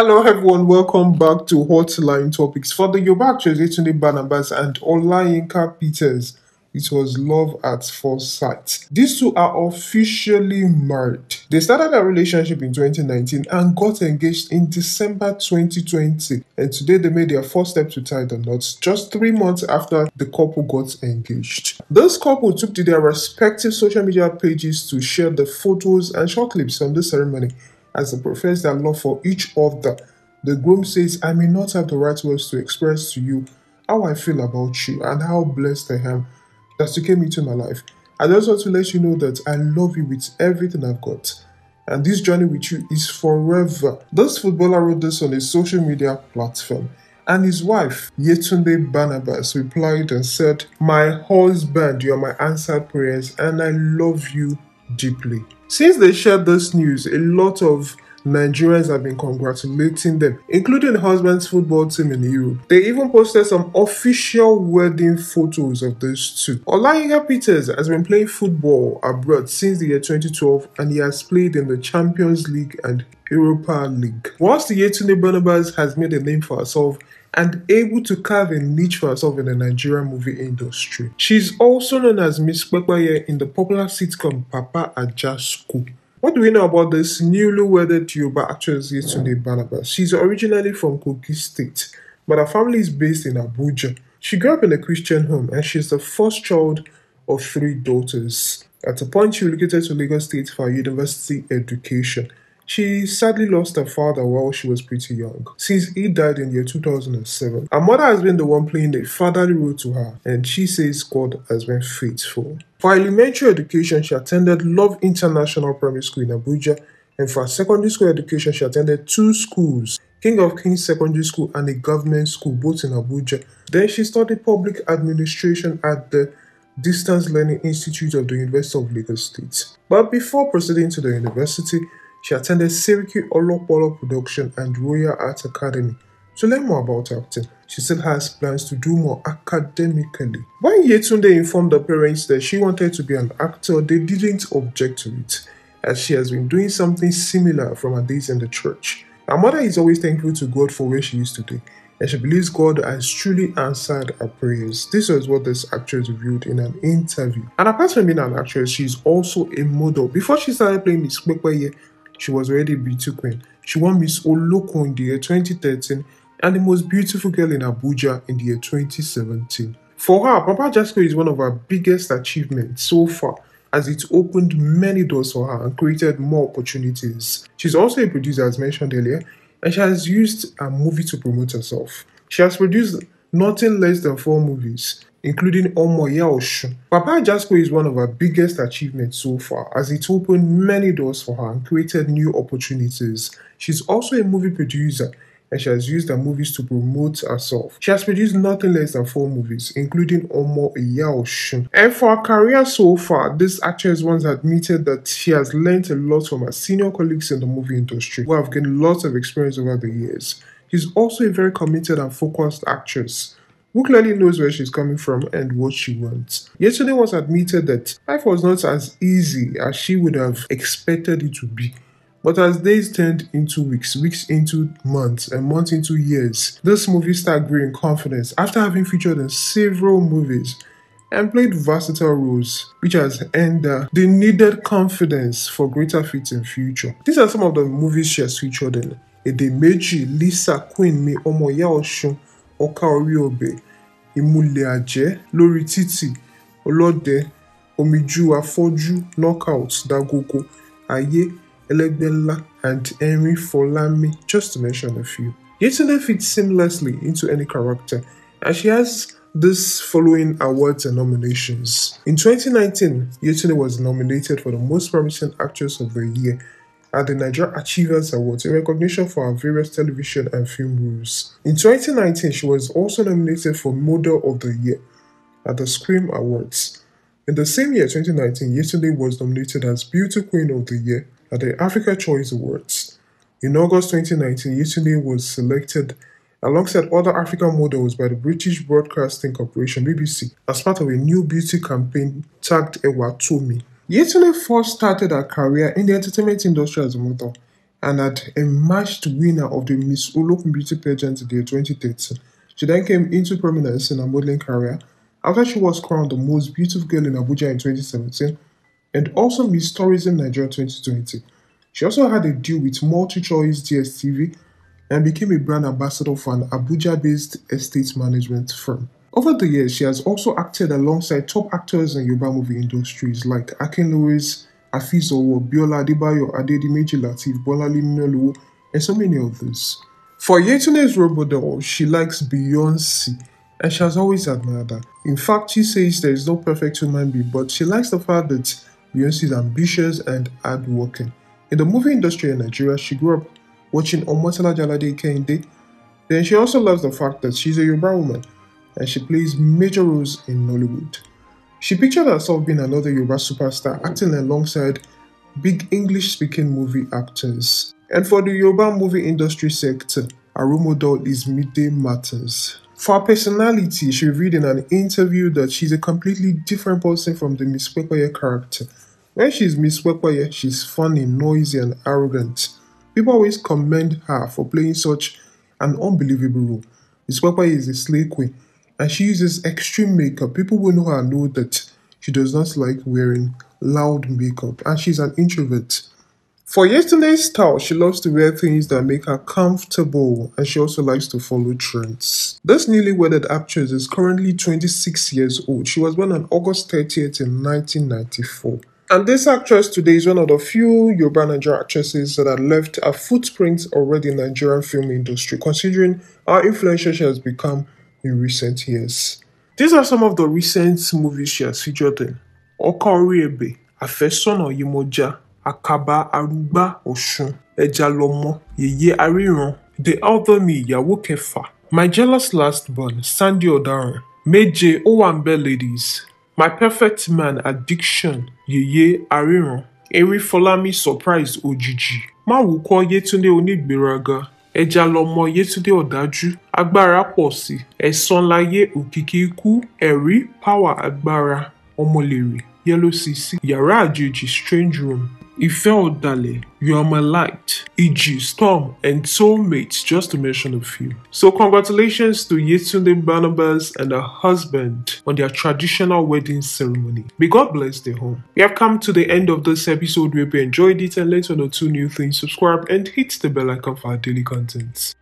Hello everyone, welcome back to Hotline Topics. For the back actress Yetunde Barnabas and Olayinka Peters, it was love at first sight. These two are officially married. They started their relationship in 2019 and got engaged in December 2020. And today they made their first step to tie the knots just three months after the couple got engaged. This couple took to their respective social media pages to share the photos and short clips from the ceremony as they profess their love for each other. The groom says, I may not have the right words to express to you how I feel about you and how blessed I am that you came into my life. I just want to let you know that I love you with everything I've got. And this journey with you is forever. This footballer wrote this on his social media platform. And his wife, Yetunde Barnabas, replied and said, My husband, you are my answered prayers, and I love you deeply. Since they shared this news, a lot of Nigerians have been congratulating them, including the husband's football team in Europe. They even posted some official wedding photos of those two. Olaiga Peters has been playing football abroad since the year 2012 and he has played in the Champions League and Europa League. Whilst the Yetune Barnabas has made a name for herself, and able to carve a niche for herself in the Nigerian movie industry. She's also known as Miss Kwekwaye in the popular sitcom Papa Ajasco. What do we know about this newly wedded Yoruba actress Yetunde Barnabas? She's originally from Kogi State, but her family is based in Abuja. She grew up in a Christian home and she's the first child of three daughters. At a point, she relocated to Lagos State for her university education. She sadly lost her father while she was pretty young, since he died in year 2007. Her mother has been the one playing the fatherly role to her, and she says God has been faithful. For elementary education, she attended Love International Primary School in Abuja, and for secondary school education, she attended two schools, King of Kings Secondary School and a government school, both in Abuja. Then she studied public administration at the Distance Learning Institute of the University of Lagos State. But before proceeding to the university, she attended Syracuse Olopolo Production and Royal Arts Academy. To learn more about acting, she still has plans to do more academically. When Yetunde informed her parents that she wanted to be an actor, they didn't object to it, as she has been doing something similar from her days in the church. Her mother is always thankful to God for where she is today, and she believes God has truly answered her prayers. This was what this actress revealed in an interview. And apart from being an actress, she is also a model. Before she started playing Miss Kwekwaye, she was already beauty queen. She won Miss Oloko in the year 2013 and the most beautiful girl in Abuja in the year 2017. For her, Papa Jasco is one of her biggest achievements so far as it opened many doors for her and created more opportunities. She's also a producer as mentioned earlier and she has used a movie to promote herself. She has produced nothing less than four movies including Omo Omoyelsh. Papa Jasco is one of her biggest achievements so far, as it opened many doors for her and created new opportunities. She's also a movie producer and she has used her movies to promote herself. She has produced nothing less than four movies, including Omo Yaosh. And for her career so far, this actress once admitted that she has learned a lot from her senior colleagues in the movie industry, who have gained lots of experience over the years. She's also a very committed and focused actress who clearly knows where she's coming from and what she wants. Yesterday was admitted that life was not as easy as she would have expected it to be. But as days turned into weeks, weeks into months, and months into years, this movie star grew in confidence after having featured in several movies and played versatile roles, which has earned her the needed confidence for greater feats in future. These are some of the movies she has featured in: Edemeji, Lisa, Queen, Me, Omoya Oshun, Oka Oriobe, ìmùlẹ̀ àjẹ́ lórí títì ọlọ́dẹ omijù afọ́jú knockout dagogo ayé elegbenla and Emi Folami, just to mention a few. Yetunde fits seamlessly into any character and she has this following awards and nominations. In 2019, Yetunde was nominated for the Most Promising Actress of the Year at the Nigeria Achievers Awards in recognition for her various television and film roles. In 2019, she was also nominated for Model of the Year at the Scream Awards. In the same year, 2019, Utile was nominated as Beauty Queen of the Year at the Africa Choice Awards. In August 2019, Utile was selected alongside other African models by the British Broadcasting Corporation (BBC) as part of a new beauty campaign tagged Ewa Tomi. Yetunde first started her career in the entertainment industry as a model and had emerged winner of the Miss Olopin Beauty Pageant in 2013. She then came into prominence in her modeling career after she was crowned the most beautiful girl in Abuja in 2017 and also Miss Tourism Nigeria 2020. She also had a deal with MultiChoice DSTV and became a brand ambassador for an Abuja based estate management firm. Over the years, she has also acted alongside top actors in Yoruba movie industries like Akin Lewis, Afiz Owo, Biola Adebayo, Adedimeji Latif, Bolali Melu, and so many others. For Yetune's role model, she likes Beyonce, and she has always admired her. In fact, she says there is no perfect human being, but she likes the fact that Beyonce is ambitious and hardworking. In the movie industry in Nigeria, she grew up watching Omotola Jalade Kende. Then she also loves the fact that she's a Yoruba woman and she plays major roles in Nollywood. She pictured herself being another Yoruba superstar acting alongside big English speaking movie actors. And for the Yoruba movie industry sector, her role model is Midday matters. For her personality, she revealed in an interview that she's a completely different person from the Miss character. When she's Miss she's funny, noisy, and arrogant. People always commend her for playing such an unbelievable role. Miss is a slay queen and she uses extreme makeup. People will know her know that she does not like wearing loud makeup, and she's an introvert. For yesterday's style, she loves to wear things that make her comfortable and she also likes to follow trends. This newly wedded actress is currently 26 years old. She was born on August 30th in 1994. And this actress today is one of the few Yoruba Nigerian actresses that have left a footprint already in the Nigerian film industry, considering how influential she has become in recent years. These are some of the recent movies she has featured in Ọkọ Orí Ebè, Àfẹ́sọ́nà Yemọja, Àkàbà Aruba Oshun, Ẹja Lọmọ, Yèyé Aríran, The Other Me Yawo Kẹfà, My Jealous Last Born, Sandy Ọ̀daràn, Méje Ó Ladies, My Perfect Man Addiction, Yèyé Aríran, Erin Fọlámi Surprise Òjijì, Máwùkọ́ Yétúndé Onígbèraga, ẹja lọmọ yétúndé ọ̀dájú agbára pọ̀ sí ẹ̀san láyé òkìkí ikú ẹ̀rí pàwà agbára ọmọlèrè yẹ́lò sísí yàrá àjèjì strange room Ifeodale, You Are My Light, E.G. Storm, and Soulmates, just to mention a few. So congratulations to Yetunde Barnabas and her husband on their traditional wedding ceremony. May God bless their home. We have come to the end of this episode. We hope you enjoyed it and learned one or two new things. Subscribe and hit the bell icon for our daily contents.